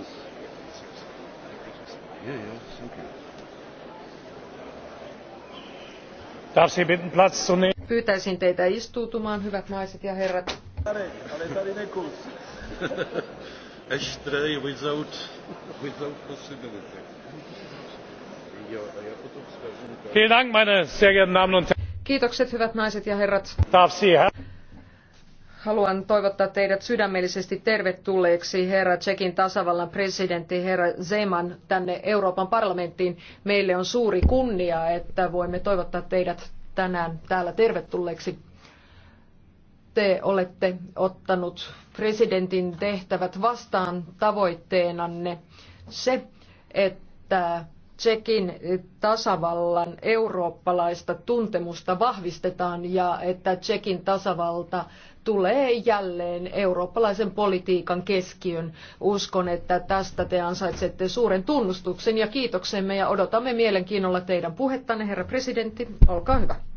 this? Yeah, yeah, thank you. Darf Sie bitten Platz zu nehmen? Pyytäisin teitä istuutumaan, hyvät naiset ja herrat. Ashtray without, without possibility. Vielen Dank, meine sehr geehrten Damen und Herren. Kiitokset, hyvät naiset ja herrat. Darf Sie, Herr? Haluan toivottaa teidät sydämellisesti tervetulleeksi, herra Tsekin tasavallan presidentti, herra Zeman, tänne Euroopan parlamenttiin. Meille on suuri kunnia, että voimme toivottaa teidät tänään täällä tervetulleeksi. Te olette ottanut presidentin tehtävät vastaan tavoitteenanne se, että Tsekin tasavallan eurooppalaista tuntemusta vahvistetaan ja että Tsekin tasavalta tulee jälleen eurooppalaisen politiikan keskiön. Uskon, että tästä te ansaitsette suuren tunnustuksen ja kiitoksemme ja odotamme mielenkiinnolla teidän puhettanne, herra presidentti. Olkaa hyvä.